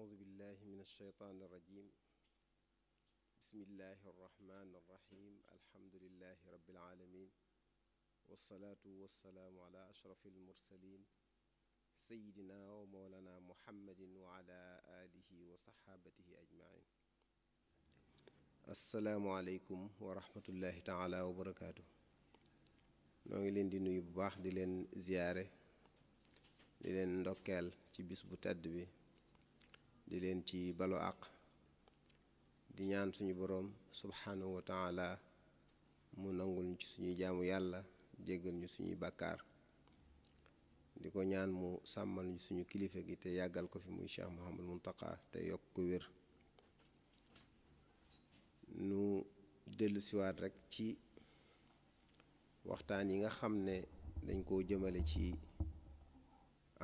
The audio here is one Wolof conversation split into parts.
أعوذ بالله من الشيطان الرجيم بسم الله الرحمن الرحيم الحمد لله رب العالمين والصلاة والسلام على أشرف المرسلين سيدنا ومولانا محمد وعلى آله وصحابته أجمعين asalaamualeykum wa rahmatullahi taala wa barakaatu noo ngi leen di nuyu bu baax di leen ziyaare di leen ndokkeel ci bis bu tedd bi di leen ci balo àq di ñaan suñu boroom subhaanahu wa taala mu nangul ñu ci suñuy jaamu yàlla jéggal ñu suñuy bàkkaar di ko ñaan mu sàmmal ñu suñu kilifa gi te yàggal ko fi muy Cheikh Mouhamadul Muntaqa te yokk ko wér nu dellu siwaat rek ci waxtaan yi nga xam ne dañ koo jëmale ci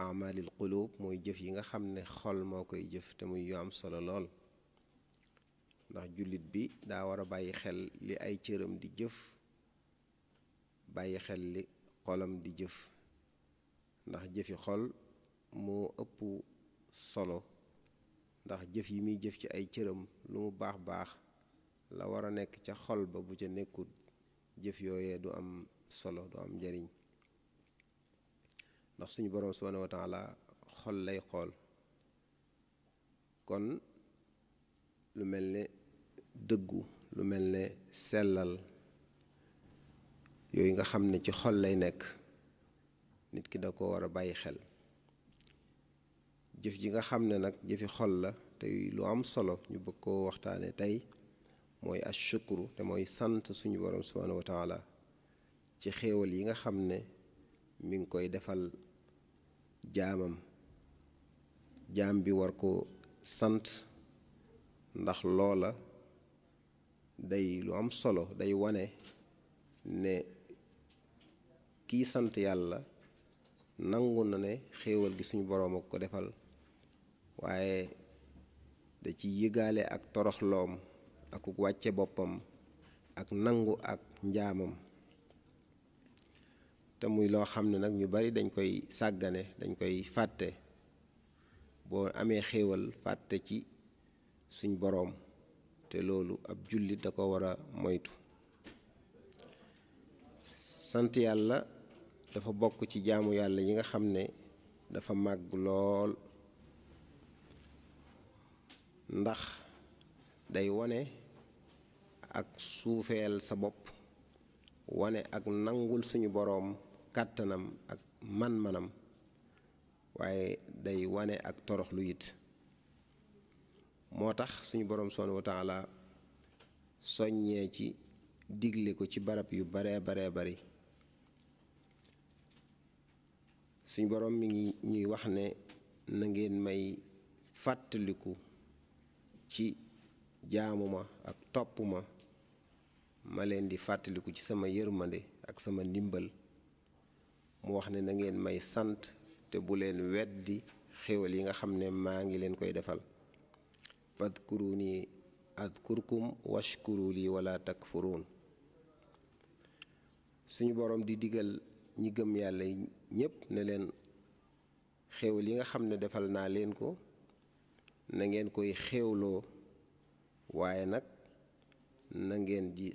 amalil qulub mooy jëf yi nga xam ne xol moo koy jëf te muy yu am solo lool ndax jullit bi daa war a bàyyi xel li ay cëram di jëf bàyyi xel li xolam di jëf ndax jëfi xol moo ëpp solo ndax jëf yi muy jëf ci ay cëram lu mu baax baax la war a nekk ca xol ba bu ca nekkut jëf yooyee du am solo du am njariñ ndax suñu borom subhanahu wa taala xol lay xool kon lu mel ne dëggu lu mel ne sellal yooyu nga xam ne ci xol lay nekk nit ki da ko war a bàyyi xel jëf ji nga xam ne nag jëfi xol la te lu am solo ñu bëgg koo waxtaanee tey mooy ashukru te mooy sant suñu borom subhanahu wa taala ci xéewal yi nga xam ne mi ngi koy defal jaamam jaam bi war ko sant ndax loola day lu am solo day wane ne kiy sant yàlla nangu na ne xéewal gi suñu boroom ak ko defal waaye da ci yëgaale ak toroxloom akuk wàcce boppam ak nangu ak njaamam te muy loo xam ne nag ñu bari dañ koy sàggane dañ koy fàtte boo amee xéewal fàtte ci suñ boroom te loolu ab jullit da ko war a moytu sant yàlla dafa bokk ci jaamu yàlla yi nga xam ne dafa màgg lool ndax day wane ak suufeel sa bopp wane ak nangul suñu boroom kàttanam ak man-manam waaye day wane ak toroxlu it moo tax suñu boroom subhaanahu wa soññee ci digle ko ci barab yu baree baree bari suñu boroom mi ngi ñuy wax ne na ngeen may fàttaliku ci jaamu ma ak topp ma ma leen di fàttaliku ci sama yërmande ak sama ndimbal mu wax ne na ngeen may sant te bu leen di xéwal yi nga xam ne maa ngi leen koy defal kurkum fadkuruni adkurkum washkuru li takk takfurun suñu boroom di digal ñi gëm yàlla ñépp ne leen xéwal yi nga xam ne defal naa leen ko na ngeen koy xéwloo waaye nag na ngeen ji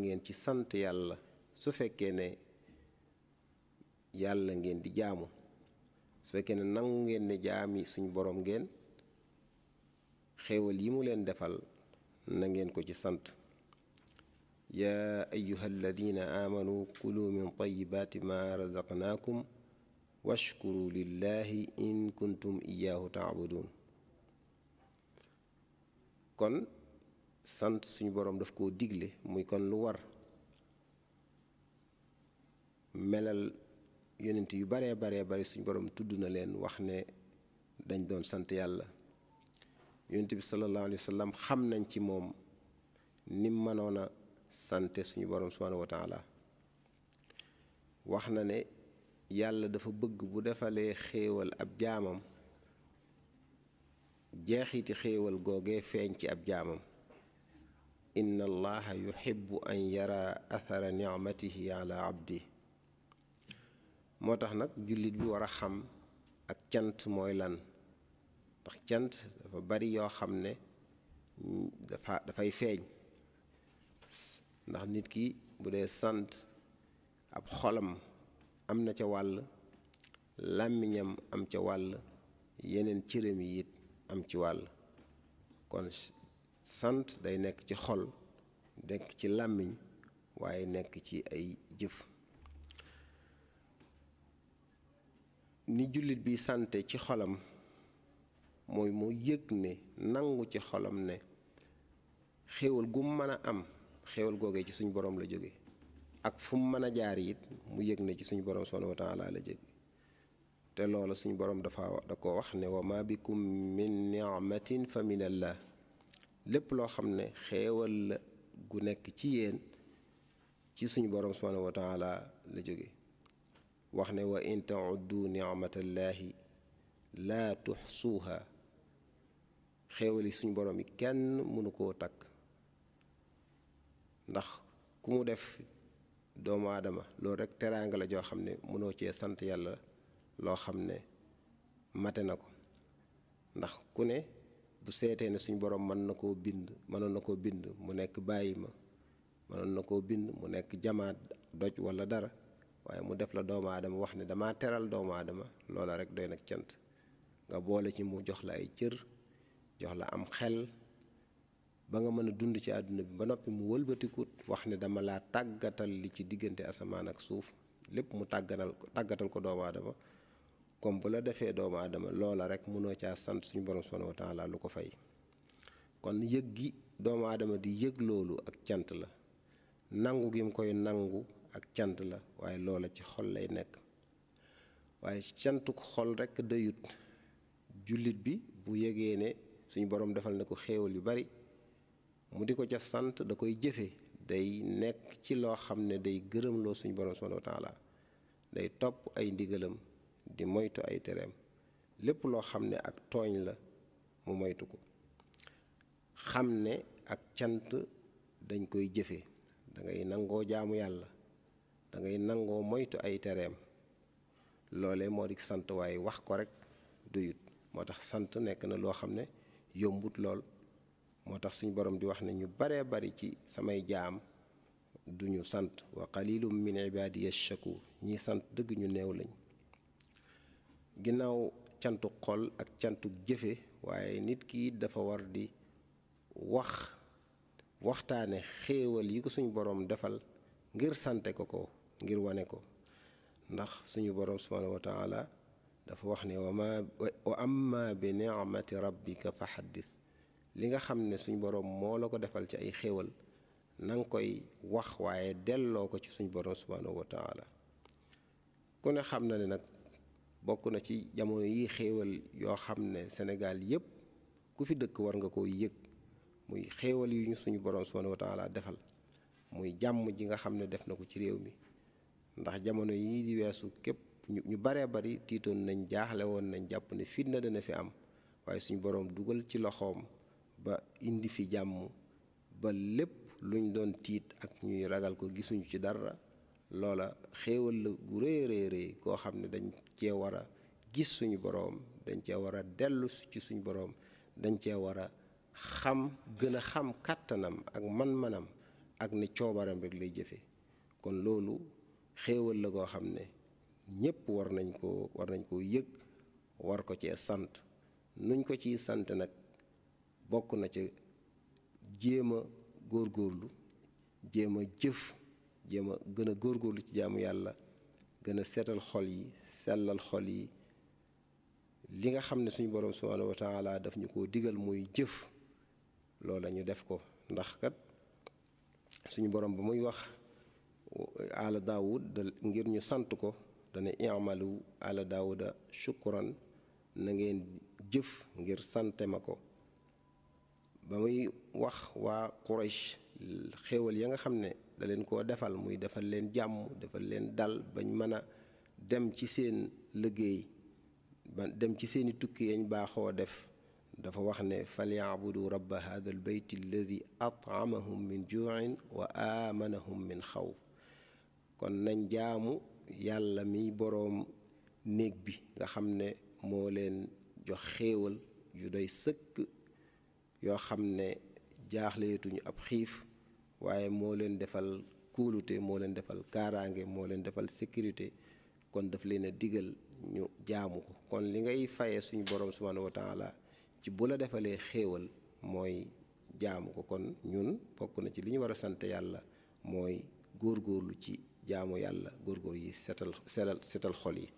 ngeen ci sant yàlla su fekkee ne yàlla ngeen di jaamu su fekkee ne nangu ngeen ne jaami suñ boroom ngeen xéewal yi mu leen defal na ngeen ko ci sant yaa ayuha alladina aamanu kulu min tayibaati ma razaqnaakum washkuru lillahi in kuntum iyaahu taabudun kon sant suñu boroom daf koo digle muy kon lu war melal yonent yu baree baree bari suñ boroom tudd na leen wax ne dañ doon sant yàlla yonent bi sallallahu alayhi wa xam nañ ci moom nim mënoon a sante suñu borom subhanahu wa wax na ne yàlla dafa bëgg bu defalee xéewal ab jaamam jeexiti xéewal googee feeñ ci ab jaamam inna yu yuhibbu an yara athara nicmatihi ala abdi moo tax nag jullit bi war a xam ak cant mooy lan ndax cant dafa bari yoo xam ne dafa dafay feeñ ndax nit ki bu dee sant ab xolam am na ca wàll làmmiñam am ca wàll yeneen cëram yi it am ci wàll kon sant day nekk ci xol dekk ci làmmiñ waaye nekk ci ay jëf ni jullit bi sante ci xolam mooy mu yëg ne nangu ci xolam ne xéewal gu mën a am xéewal googee ci suñu borom la jóge ak fu mën a jaar it mu yëg ne ci suñu borom subhanahu wa taala la jóge te loola suñu borom dafa da ko wax ne wa ma bikum min ni'matin fa min allah lépp loo xam ne xéewal la gu nekk ci yéen ci suñu borom subhanahu wa taala la jóge wax ne wa in tauddu nicmatallahi laa tuxsuuha xéewali suñ borom yi kenn mënu koo takk ndax ku mu def doomu aadama loolu rek teraanga la joo xam ne mënoo cee sant yàlla loo xam ne mate na ko ndax ku ne bu seetee ne suñ borom mën na koo bind mënoon na koo bind mu nekk bàyyi ma mënoon na koo bind mu nekk jamaat doj wala dara waaye mu def la doomu aadama wax ne damaa teral doomu aadama loola rek doy nag cant nga boole ci mu jox la ay cër jox la am xel ba nga mën a dund ci àdduna bi ba noppi mu wëlbatikut wax ne dama laa tàggatal li ci diggante asamaan ak suuf lépp mu tàggatal ko tàggatal ko doomu aadama comme bu la defee doomu aadama loola rek mënoo caa sant suñu borom subhanahu wa taala lu ko fay kon yëg gi doomu aadama di yëg loolu ak cant la nangu gi mu koy nangu ak cant la waaye loola ci xol lay nekk waaye cantuk xol rekk dayut jullit bi bu yégee ne suñu boroom defal na ko xéewal yu bari mu di ko ca sant da koy jëfe day nekk ci loo xam ne day gërëmloo suñ boroom subhaanahu wa taala day topp ay ndigalam di moytu ay tereem lépp loo xam ne ak tooñ la mu ko xam ne ak cant dañ koy jëfe dangay nangoo jaamu yàlla dangay nangoo moytu ay tereem loole moo di sant waaye wax ko rek duyut moo tax sant nekk na loo xam ne yombut lool moo tax suñ borom di wax ne ñu baree bari ci samay jaam duñu sant wa qalilum min ibadiya shakur ñi sant dëgg ñu néew lañ ginnaaw cantu xol ak cantu jëfe waaye nit ki dafa war di wax waxtaane xéewal yi ko suñ boroom defal ngir sante ko ko ngir wane ko ndax suñu boroom subhaanahu wa taala dafa wax ne wa ma wa amma bi ni'mati rabbika fa xaddis li nga xam ne suñu boroom moo la ko defal ci ay xéewal nanga koy wax waaye delloo ko ci suñu boroom subhaanahu wa taala ku ne xam na ne nag bokk na ci jamono yi xéewal yoo xam ne Sénégal yépp ku fi dëkk war nga ko yëg muy xéewal yu ñu suñu boroom subhaanahu wa taala defal muy jàmm ji nga xam ne def na ko ci réew mi ndax jamono yii di weesu képp ñu baree bari tiitoon nañ jaaxle woon nañ jàpp ne fitna dana fi am waaye suñu boroom dugal ci loxoom ba indi fi jàmm ba lépp luñ doon tiit ak ñuy ragal ko gisuñu ci dara loola xéewal la gu rëy rëy koo xam ne dañ cee war a gis suñu boroom dañ cee war a dellu ci suñu boroom dañ cee war a xam gën a xam kàttanam ak man-manam ak ne coobaram rek lay jëfe kon loolu xéewal la goo xam ne ñépp war nañ koo war nañ koo yëg war ko cee sant nuñ ko ciy sant nag bokk na ca jéem a góorlu jéem a jëf jéem a gën a góorgóorlu ci jaamu yàlla gën a seetal xol yi sellal xol yi li nga xam ne suñu borom subhanahu wa taala daf ñu ko digal muy jëf loola ñu def ko ndax kat suñu borom ba muy wax ala daawud ngir ñu sant ko dana imalu ala daawuda shukran na ngeen jëf ngir sante ma ko ba muy wax waa Quraysh xéewal ya nga xam ne daleen koo defal muy defal leen jàmm defal leen dal bañ mën a dem ci seen liggéey ba dem ci seeni tukki yañ baaxoo def dafa wax ne falyaabudu rabba hadha al bayt alladi at'amahum min ju'in wa aamanahum min xaw kon nañ jaamu yàlla mi boroom néeg bi nga xam ne moo leen jox xéewal yu day sëkk yoo xam ne jaaxleetuñu ab xiif waaye moo leen defal kuulute moo leen defal kaaraange moo leen defal sécurité kon daf leen digal ñu jaamu ko kon li ngay faye suñu boroom subhanahu wa taala ci bu la defalee xéewal mooy jaamu ko kon ñun bokk na ci li ñu war a sant yàlla mooy góorgóorlu ci jaamu yàlla góorgóor yi setal selal setal xol yi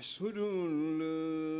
mahsulun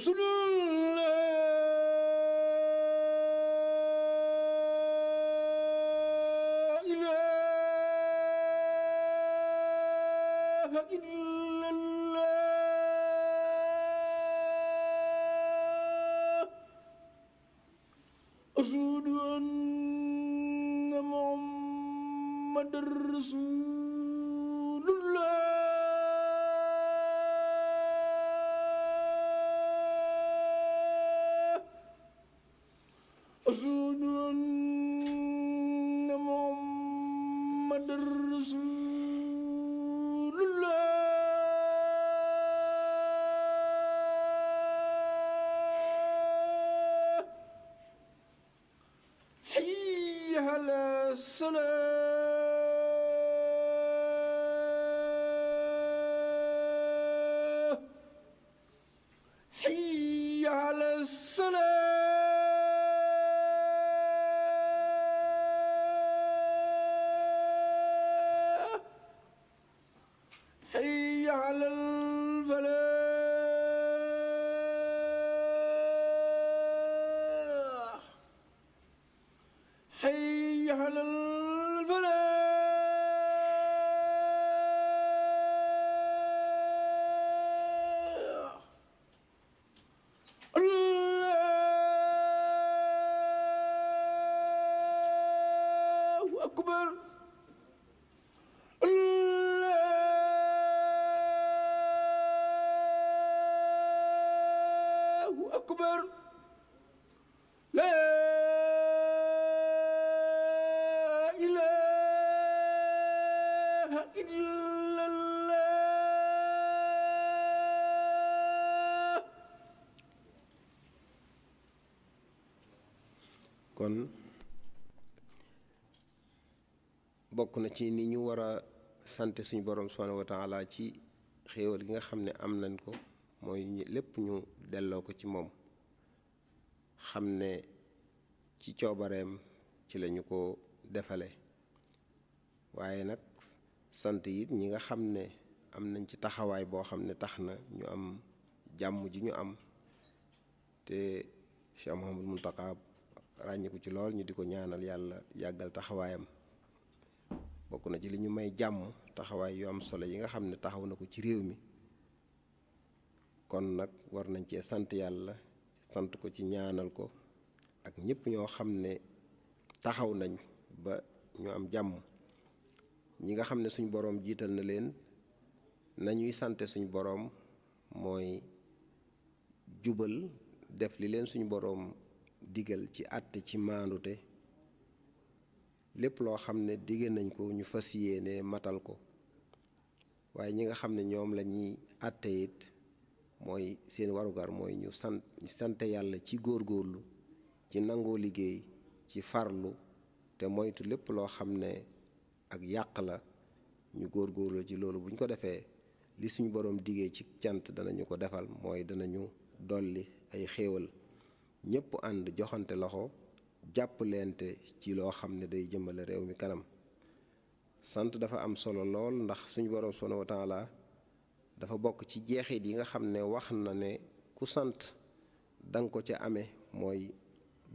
رسل لا إله إلا السلام kon bokk na ci ni ñu war a sant suñu borom subhanahu wa taala ci xéewal gi nga xam ne am nañ ko mooy lépp ñu delloo ko ci moom xam ne ci coobareem ci lañu ko defale waaye nag sant it ñi nga xam ne am nañ ci taxawaay boo xam ne tax na ñu am jàmm ji ñu am te Cheikh Mouhamadou taxaab ràññiku ci lool ñu di ko ñaanal yàlla yàggal taxawaayam bokk na ci li ñu may jàmm taxawaay yu am solo yi nga xam ne taxaw na ko ci réew mi kon nag war nañ cee sant yàlla sant ko ci ñaanal ko ak ñëpp ñoo xam ne taxaw nañ ba ñu am jàmm ñi nga xam ne suñ boroom jiital na leen nañuy sante suñu boroom mooy jubal def li leen suñu boroom digal ci àtte ci maandute lépp loo xam ne digge nañ ko ñu fas yéene matal ko waaye ñi nga xam ne ñoom la ñuy àtte it mooy seen warugar mooy ñu sant yàlla ci góor góorlu ci nangoo liggéey ci farlu te moytu lépp loo xam ne ak yàq la ñu góor góorgóorlu ci loolu buñ ko defee li suñu boroom diggee ci cant danañu ko defal mooy danañu dolli ay xéewal ñëpp ànd joxante loxo jàppalente ci loo xam ne day jëmale réew mi kanam sant dafa am solo lool ndax suñu borom subhanahu wa taala dafa bokk ci jeexit yi nga xam ne wax na ne ku sant danga ko ca amee mooy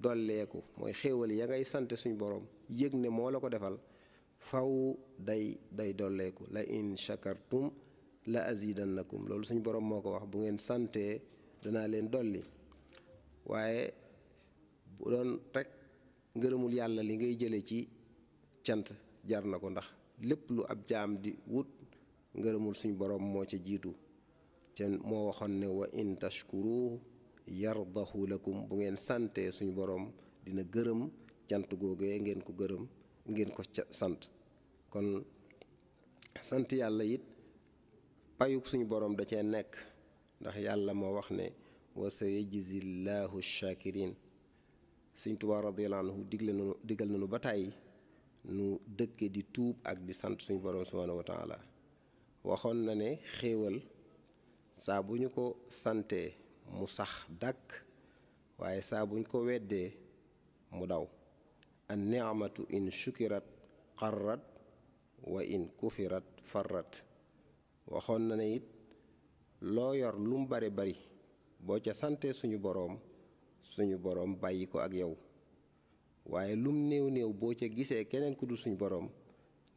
dolleeku mooy xéewal ya ngay sant suñu borom yëg ne moo la ko defal faw day day dolleeku la in shakartum la azidannakum loolu suñu borom moo ko wax bu ngeen santee danaa leen dolli waaye bu doon rek ngërëmul yàlla li ngay jële ci cant jar na ko ndax lépp lu ab jaam di wut ngërëmul suñ borom moo ca jiitu ca moo waxoon ne wa in tashkuru yardahu lakum bu ngeen sante suñu boroom dina gërëm cant googee ngeen ko gërëm ngeen ko ca sant kon sant yàlla it payuk suñu borom da cee nekk ndax yàlla moo wax ne wa sa yajzi llahu shakirin sëñ Tuubaa radiyallaahu anhu digle nanu digal nanu ba tàyyi nu dëkke di tuub ak di sant suñ borom subhaanahu wa waxoon na ne xéewal saa bu ñu ko santee mu sax dàkk waaye saa buñ ko weddee mu daw an ni'matu in shukirat qarrat wa in kufirat farrat waxoon na ne it loo yor lum bare bari boo ca sante suñu boroom suñu boroom bàyyi ko ak yow waaye lum néew néew boo ca gisee keneen ku dul suñu boroom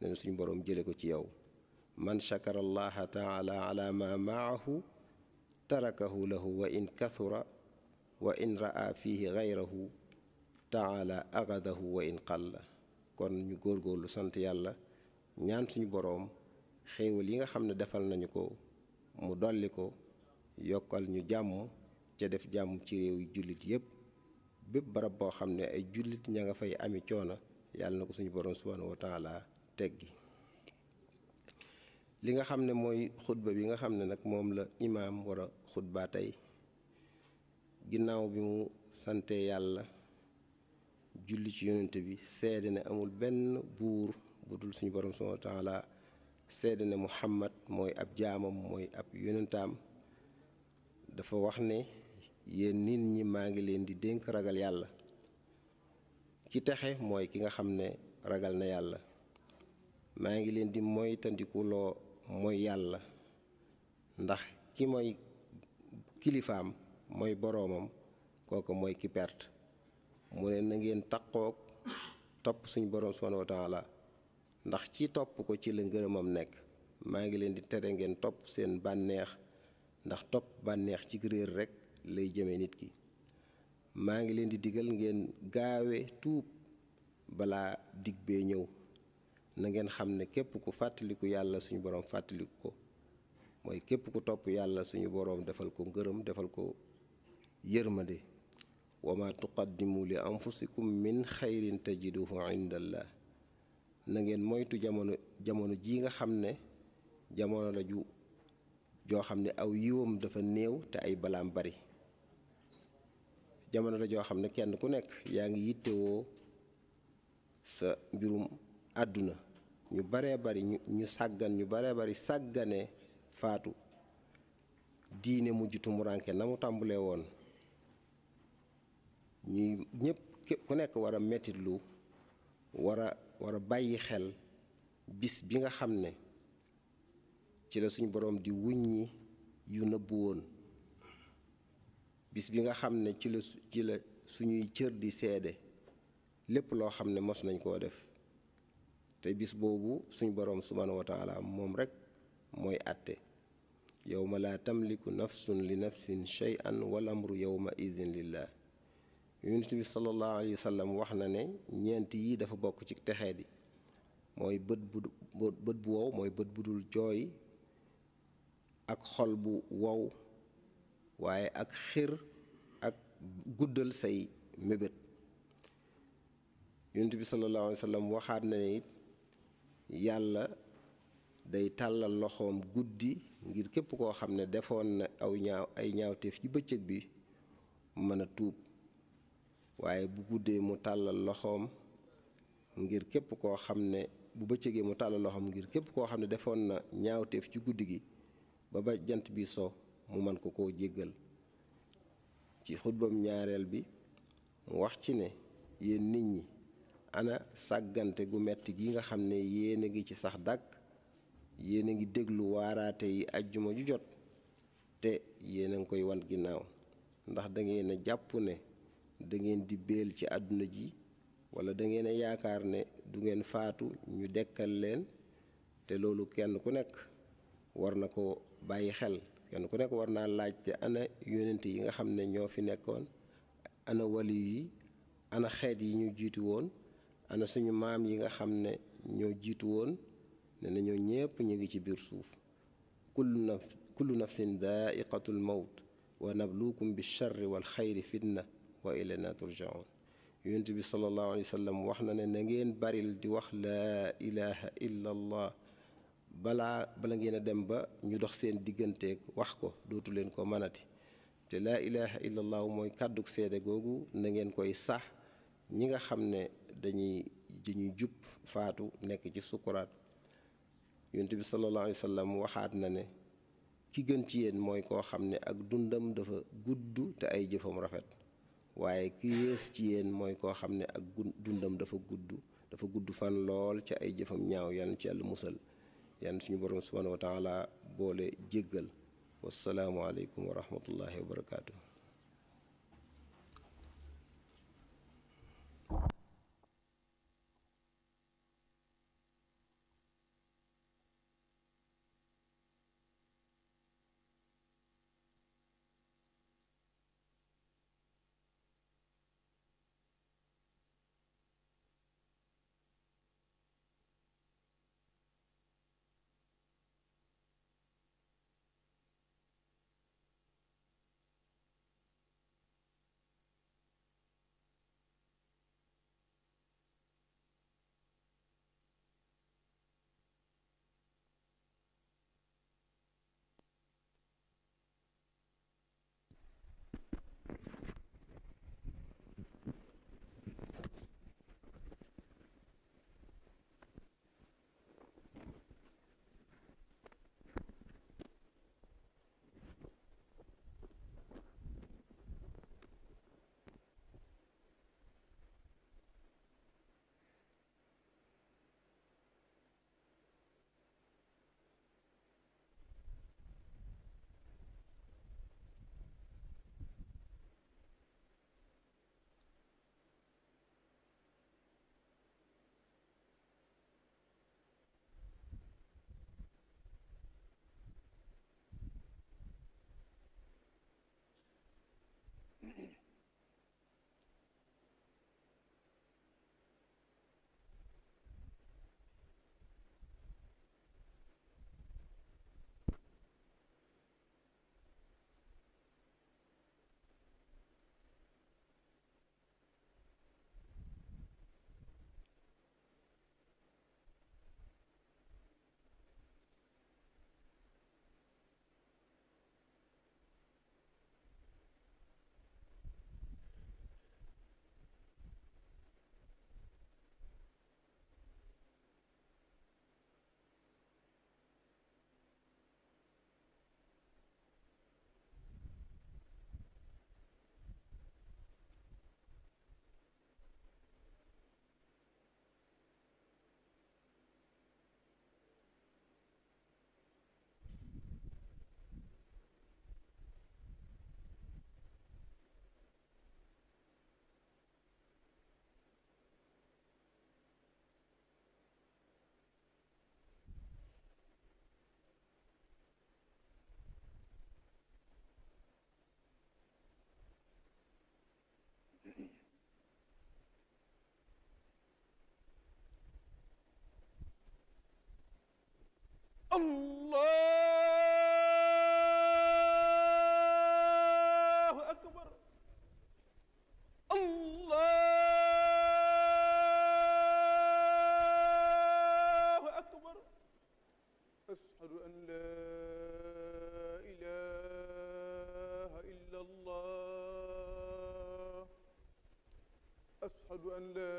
ne suñu boroom jële ko ci yow man chakara allaha taala ma maahu tarakahu lahu wa in kathura wa in ra'a fihi gayrahu taala agadahu wa in qalla kon ñu góorgóorlu sant yàlla ñaan suñu boroom xéewal yi nga xam ne defal nañu ko mu dolli ko yokkal ñu jàmm ca def jàmm ci réew yi jullit yépp bépp barab boo xam ne ay jullit ña nga fay ami coono yàlla na ko suñu borom subhaanahu wa taala teggi li nga xam ne mooy xutba bi nga xam ne nag moom la imaam war a xutba tey ginnaaw bi mu santee yàlla julli ci yonent bi sedd ne amul benn buur bu dul suñu borom subhaanahu wa sedd seede ne muhammad mooy ab jaamam mooy ab yonentaam dafa wax ne yéen nit ñi maa ngi leen di dénk ragal yàlla ki texe mooy ki nga xam ne ragal na yàlla maa ngi leen di moytandikuloo mooy yàlla ndax ki mooy kilifaam mooy boroomam kooku mooy ki perte mu ne na ngeen taqoog topp suñu boroom subhanahu wa la ndax ci topp ko ci la ngërëmam nekk maa ngi leen di tere ngeen topp seen bànneex ndax topp bànneex ci réer rekk lay jëme nit ki maa ngi leen di digal ngeen gaawe tuub balaa digg bee ñëw na ngeen xam ne képp ku fàttaliku yàlla suñu boroom fàttaliku ko mooy képp ku topp yàlla suñu boroom defal ko ngërëm defal ko yërmande wa ma tuqaddimu li anfusikum min xayrin tajiduhu indallah na ngeen moytu jamono jamono ji nga xam ne jamono la ju joo xam ne aw yiwam dafa néew te ay balaam bari jamono la joo xam ne kenn ku nekk yaa ngi yittewoo sa mbirum àdduna ñu baree bari ñu sàggan ñu baree bari sàggane faatu diine mujj tumuranke na mu tàmbalee woon ñuy ñëpp ku nekk war a mettitlu war a bàyyi xel bis bi nga xam ne ci la suñu boroom di wuññi yu nëbbu woon bis bi nga xam ne ci la ci suñuy cër di seede lépp loo xam ne mos nañ koo def te bis boobu suñu boroom subhaanahu wa taala moom rekk mooy àtte yowma laa tamliku nafsun li nafsin shay'an wal amru yowma idin lillah yonent bi sallallahu alayhi wa sallam wax na ne ñeent yi dafa bokk ci texee di mooy bët bu bët bu wow mooy bët bu dul jooy ak xol bu wow waaye ak xir guddal say mébét yonent bi sallallahu waxaat na ne it yàlla day tàllal loxoom guddi ngir képp koo xam ne defoon na aw ñaaw ay ñaawteef ci bëccëg bi mën a tuub waaye bu guddee mu tàllal loxoom ngir képp koo xam ne bu bëccëgee mu tàllal loxoom ngir képp koo xam ne defoon na ñaawteef ci guddi gi ba ba jant bi soo mu mën ko koo jéggal ci xutbam ñaareel bi mu wax ci ne yéen nit ñi ana sàggante gu metti gi nga xam ne yéen a ngi ci sax dàkk yéen a ngi déglu waaraate yi ajjuma ju jot te yéen a ngi koy wan ginnaaw ndax dangeen a jàpp ne da ngeen di béel ci àdduna ji wala dangeen a yaakaar ne du ngeen faatu ñu dekkal leen te loolu kenn ku nekk war na ko bàyyi xel kenn ku nekk war naa laajte ana yonent yi nga xam ne ñoo fi nekkoon ana waliyu yi ana xeet yi ñu jiitu woon ana suñu maam yi nga xam ne ñoo jiitu woon ne na ñoo ñépp ñu ngi ci biir suuf kullu naf kullu nafsin daa'iqatul mawt wa nabluukum bi sharri wal xayri fitna wa ilayna turjaun yonent bi sallallahu alayhi wa sallam wax na ne na ngeen baril di wax laa ilaha illa allah balaa bala ngeen a dem ba ñu dox seen digganteeg wax ko dootu leen ko mënati te laa ilaha illallah mooy kàddug seede googu nangeen koy sax ñi nga xam ne dañuy dañuy jub faatu nekk ci sukuraat yonent bi sallallahu alayhi waxaat na ne ki gën ci yéen mooy koo xam ne ak dundam dafa gudd te ay jëfam rafet waaye ki yées ci yéen mooy koo xam ne ak dundam dafa gudd dafa gudd fan lool ci ay jëfam ñaaw yàlla ci yàlla musal yàlla suñu borom subhanahu wa taala boole jéggal salaam wa rahmatullahi wa barakaatu. allahu akbar allahu akbar ashhadu an laa ilaha illa allah ashhadu an laa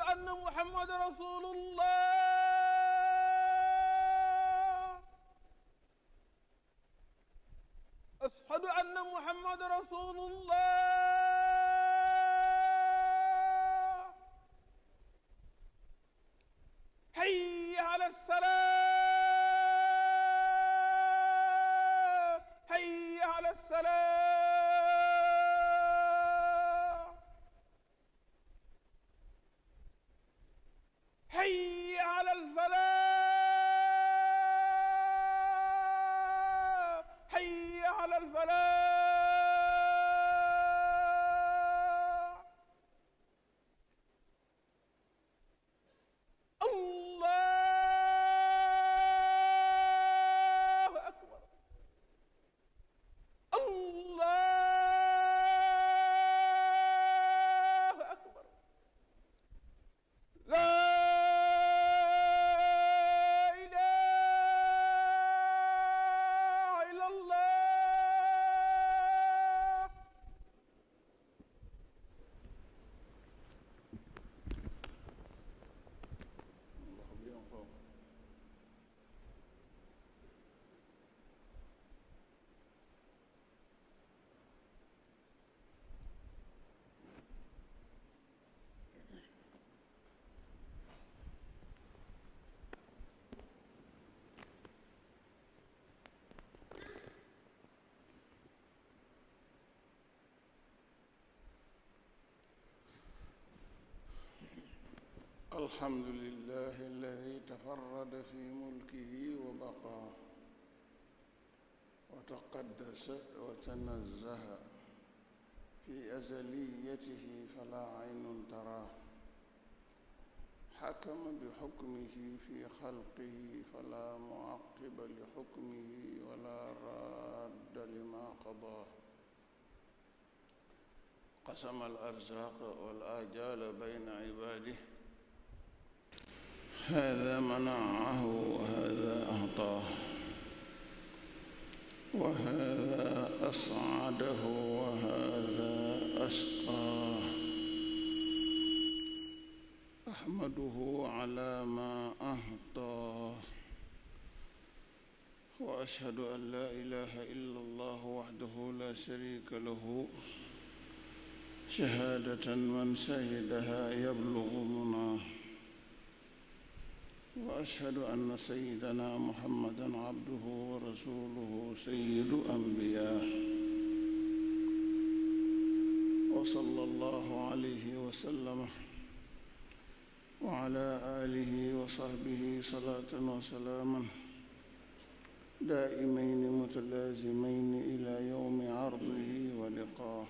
ashhadu anna muhammadan rasulullah ashhadu anna muhammadan rasulullah hayya ala salaam hayya ala salaam على الفلاح الحمد لله الذي تفرد في ملكه وبقاه وتقدس وتنزه في أزليته فلا عين تراه حكم بحكمه في خلقه فلا معقب لحكمه ولا راد لما قضاه قسم الأرزاق والآجال بين عباده هذا منعه وهذا أعطاه وهذا أصعده وهذا أشقاه أحمده على ما أعطاه وأشهد أن لا إله إلا الله وحده لا شريك له شهادة من شهدها يبلغ مناه واشهد ان سيدنا محمدا عبده ورسوله سيد الانبياء وصلى الله عليه وسلم وعلى اله وصحبه صلاه وسلاما دائمين متلازمين الى يوم عرضه ولقاه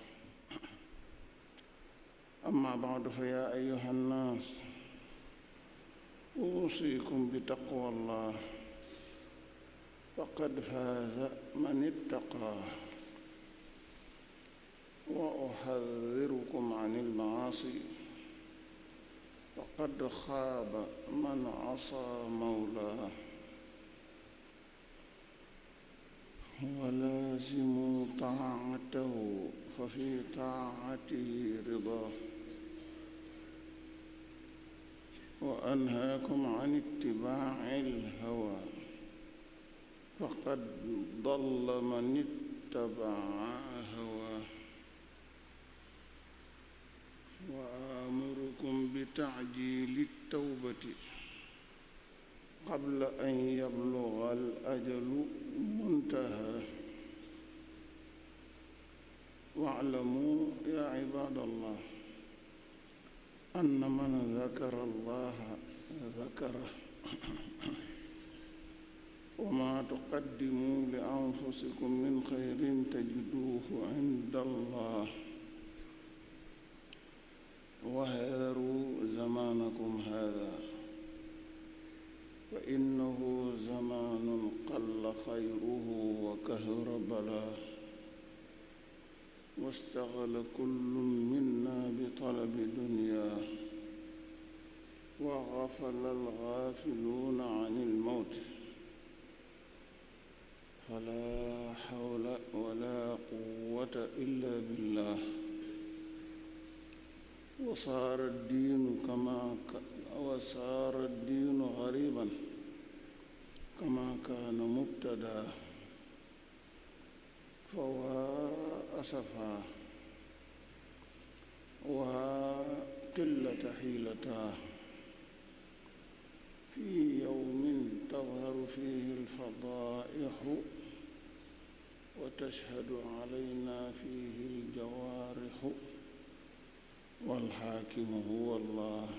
اما بعد فيا ايها الناس أوصيكم بتقوى الله فقد فاز من اتقاه وأحذركم عن المعاصي فقد خاب من عصى مولاه ولازموا طاعته ففي طاعته رضاه وأنهاكم عن اتباع الهوى فقد ضل من اتبع هواه وآمركم بتعجيل التوبة قبل أن يبلغ الأجل منتهى واعلموا يا عباد الله أن من ذكر الله ذكره وما تقدموا لأنفسكم من خير تجدوه عند الله واهذروا زمانكم هذا فإنه زمان قل خيره وكثر بلاه واستغل كل منا بطلب دنياه وغفل الغافلون عن الموت فلا حول ولا قوة إلا بالله وصار الدين كما وصار الدين غريبا كما كان مبتدأ فوها أسفا وها قلة حيلتا في يوم تظهر فيه الفضائح وتشهد علينا فيه الجوارح والحاكم هو الله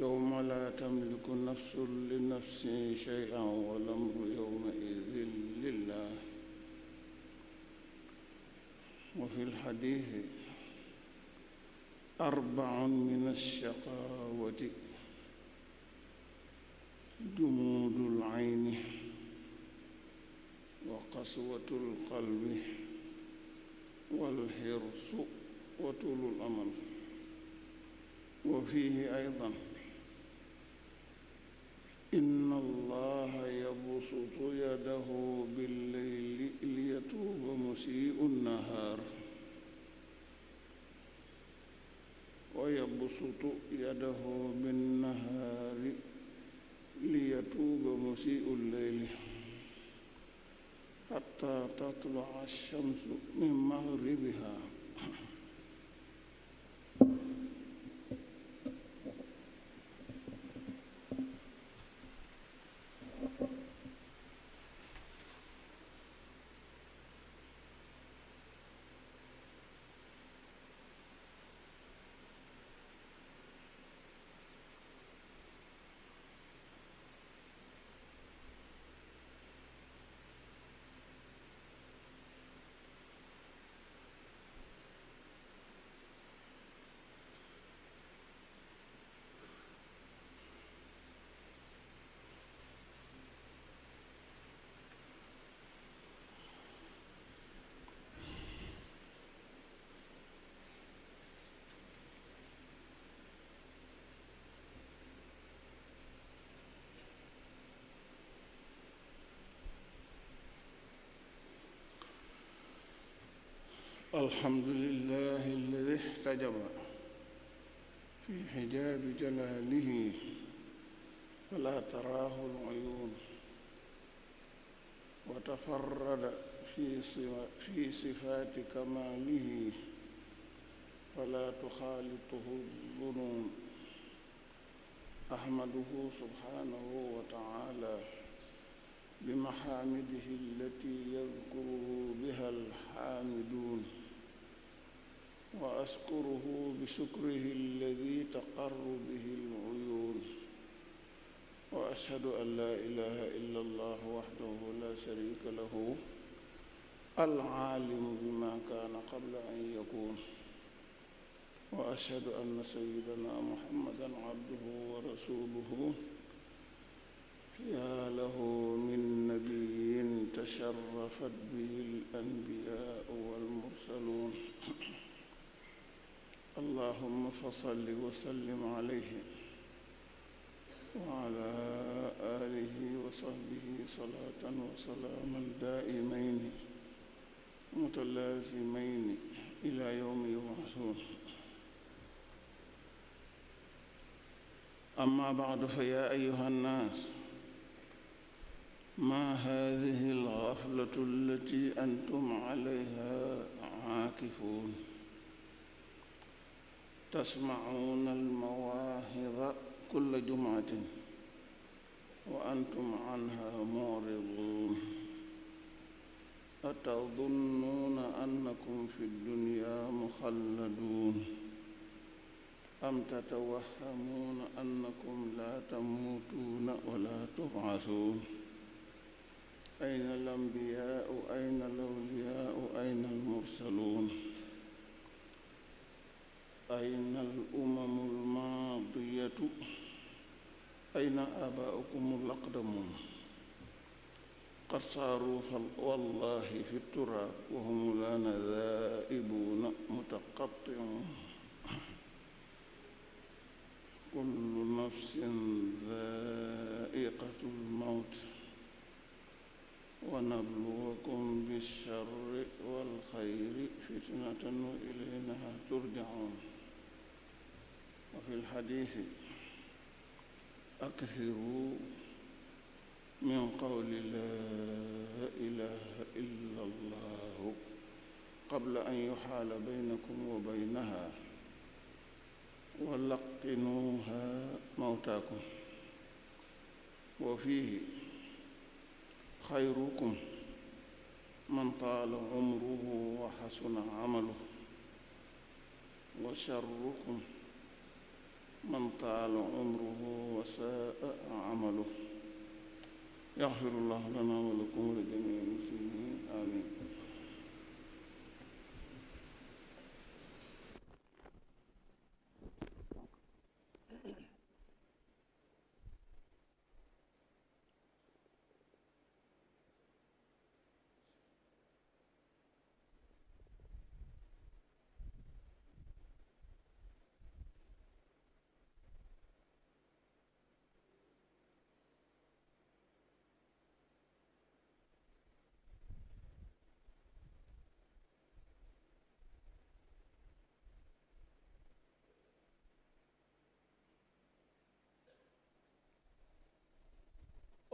يوم لا تملك نفس لنفس شيئا والأمر يومئذ لله وفي الحديث أربع من الشقاوة جمود العين وقسوة القلب والحرص وطول الأمل وفيه أيضاً inna allaha yabsutu yadahu billayli liyatuuba musii'u nahaar wa yabsutu yadahu binnahaari liyatuuba musii'u llayli hattaa tatlu'a ash-shamsu min maghribihaa الحمد لله الذي احتجب في حجاب جلاله فلا تراه العيون وتفرد في في صفات كماله فلا تخالطه الظنون أحمده سبحانه وتعالى بمحامده التي يذكره بها الحامدون وأشكره بشكره الذي تقر به العيون وأشهد أن لا إله إلا الله وحده لا شريك له العالم بما كان قبل أن يكون وأشهد أن سيدنا محمدا عبده ورسوله يا له من نبي تشرفت به الأنبياء والمرسلون allahuma fasalli wasallim alayhi waala alihi wa sahbihi salaatan wa salaaman daaimayni mutalaazimayni ilaa yawmi yub'asuun amma ba'du fa yaa ayyuha nnaas maa haadihi alxaflatu allati antum alayha aakifuun tasmacuuna almawaahiba kulla jumcatin wa antum canha mucriduun atadunnuuna annakum fi ddunyaa muxalladuun am tatawahhamuuna annakum laa tamuutuuna walaa tubcasuun ayna alambiyaau ayna alawliyaau ayna almursaluun أين الأمم الماضية أين آباؤكم الأقدمون قد صاروا والله في التراب وهم لنا ذائبون متقطعون كل نفس ذائقة الموت ونبلوكم بالشر والخير فتنة وإلينا ترجعون وفي الحديث أكثروا من قول لا إله إلا الله قبل أن يحال بينكم وبينها ولقنوها موتاكم وفيه خيركم من طال عمره وحسن عمله وشركم man taala umruhu wa saa amaluhu yaxfirullahu lana wa lakum wa li jamiil muslimiin amiin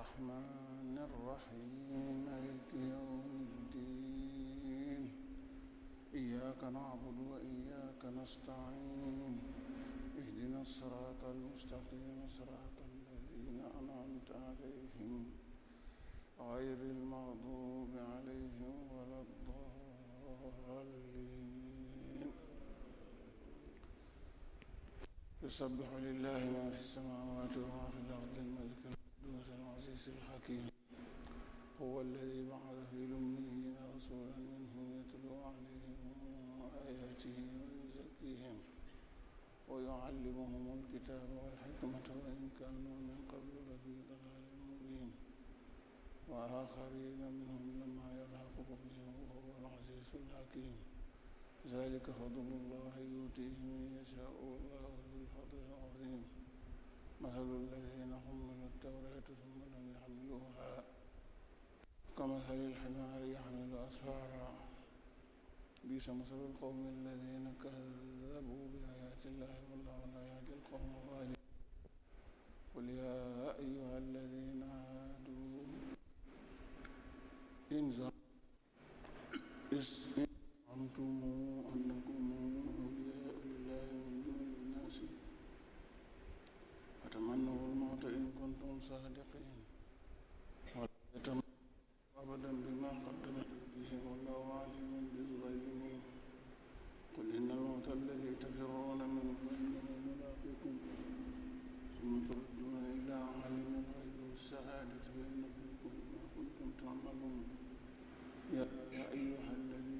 الرحمن الرحيم مالك يوم الدين إياك نعبد وإياك نستعين اهدنا الصراط المستقيم صراط الذين أنعمت عليهم غير المغضوب عليهم ولا الضالين يسبح لله ما في السماوات وما في الأرض الملك العزيز الحكيم هو الذي بعث في الأميين رسولا منهم يتلو عليهم آياته ويزكيهم ويعلمهم الكتاب والحكمة وإن كانوا من قبل لفي ضلال مبين وآخرين منهم لما يلحقوا بهم وهو العزيز الحكيم ذلك فضل الله يؤتيه من يشاء والله ذو الفضل العظيم مثل الذين حملوا التوراة ثم لم يحملوها كمثل الحمار يحمل أسفارا بئس مثل القوم الذين كذبوا بآيات الله والله لا يهدي القوم الظالمين قل يا أيها الذين هادوا إن زعمتم أن الجنة إن كنتم صادقين ولا تتمنوا أبدا بما قدمت أيديهم والله عليم بالظالمين قل إن الموت الذي تفرون منه فإنه ملاقيكم ثم تردون إلى عالم الغيب والشهادة فإنه بكم ما كنتم تعملون يا أيها الذين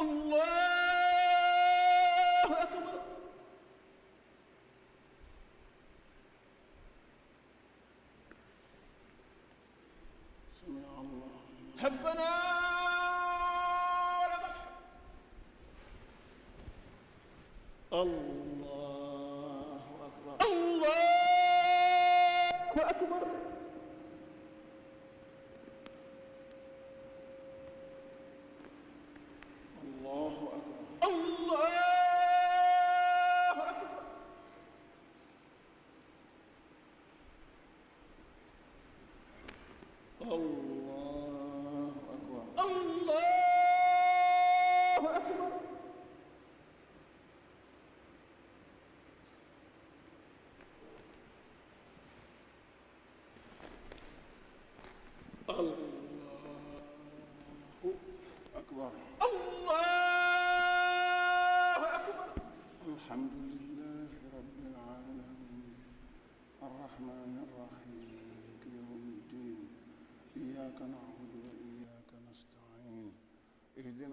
allahu akbar sami allah habbana wala allah Allah oh.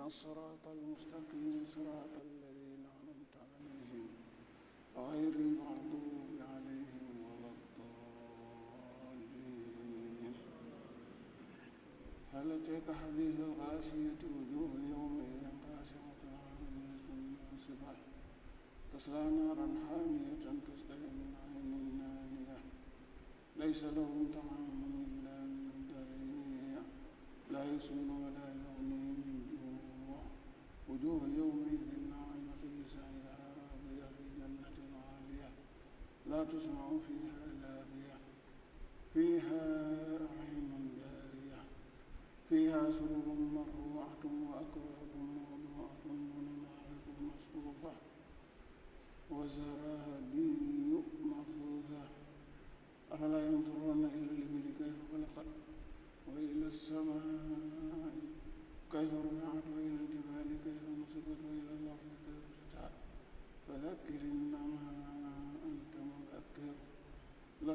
الصراط المستقيم صراط الذين أنعمت عليهم غير المغضوب عليهم ولا الضالين هل أتيك حديث الغاشية وجوه يومئذ خاشعة عاملة ناصبة تصلى نارا حامية تسقى من عين نانية ليس لهم طعام إلا من ضريع لا يسمن ولا تسمع فيها لاغية فيها عين جارية فيها سرر مرفوعة وأكواب موضوعة ونمارق مصفوفة وزرابي مفروضة أفلا ينظرون إلى الإبل كيف خلقت وإلى السماء كيف رفعت وإلى الجبال كيف نصبت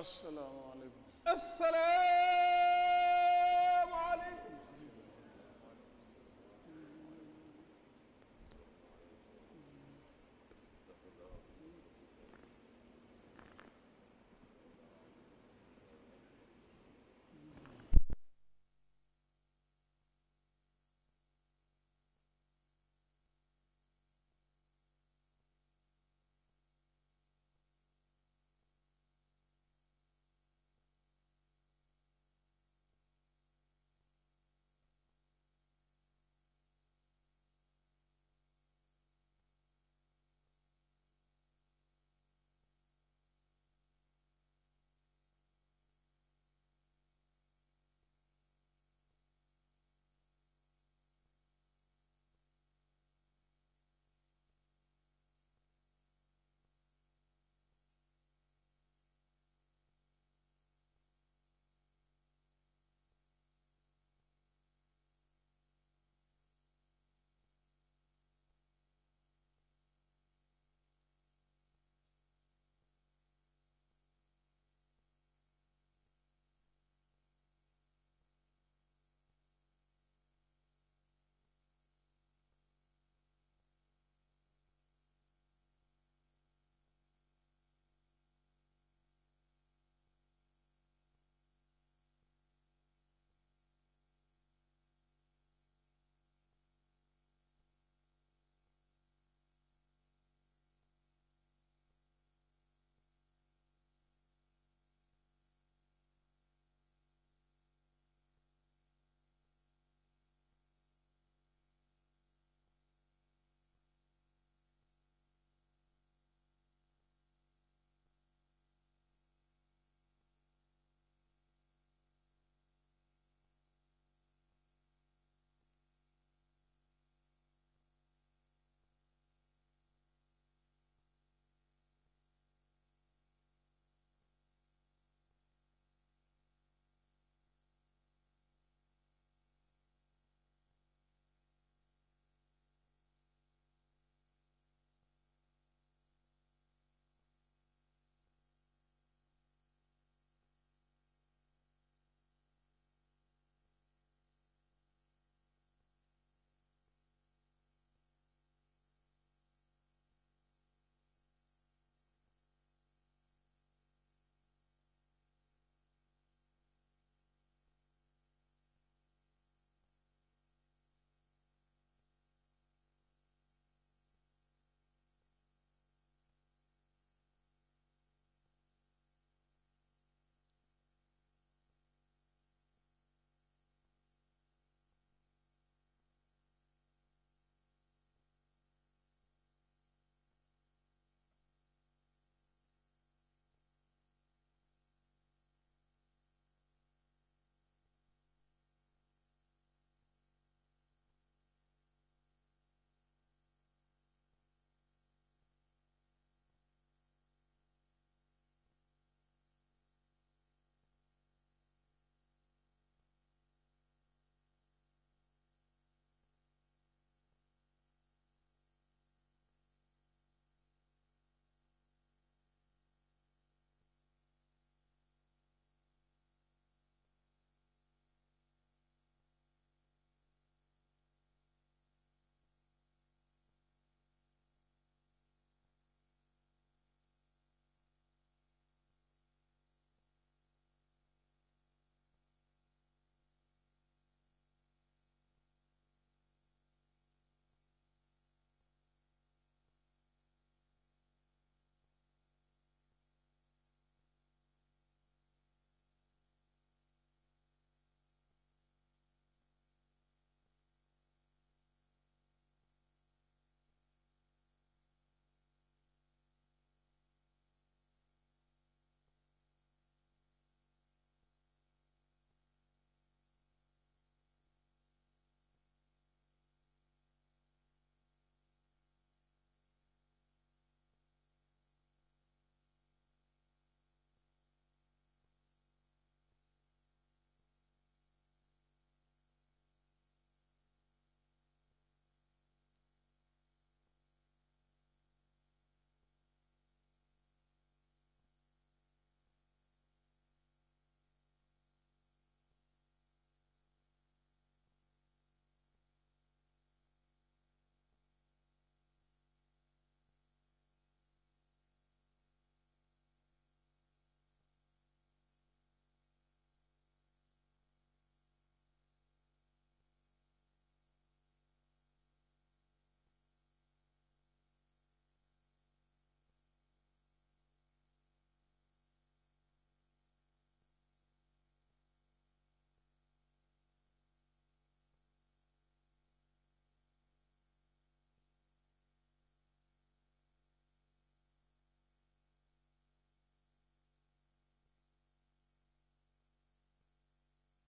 asalaamaaleykum. asalaam.